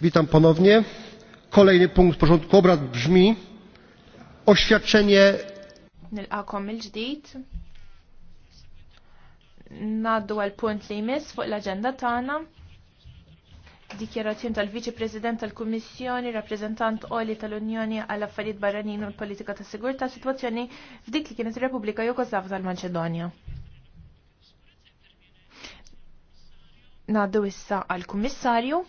witam ponownie. Kolejny punkt porządku obrad brzmi oświadczenie il-ġdid. Naddu għal-punt li jmiss fuq l-agenda tagħna. Dikjerazzjoni tal-Viċi President tal-Kummissjoni, rappreżentant Oli tal-Unjoni għall affarijiet barranin u l-politika ta' sigurtà sitwazzjoni f'dik li kienet Repubblika Jugoslav tal-Maċedonja. Naddu issa għal-Kummissarju.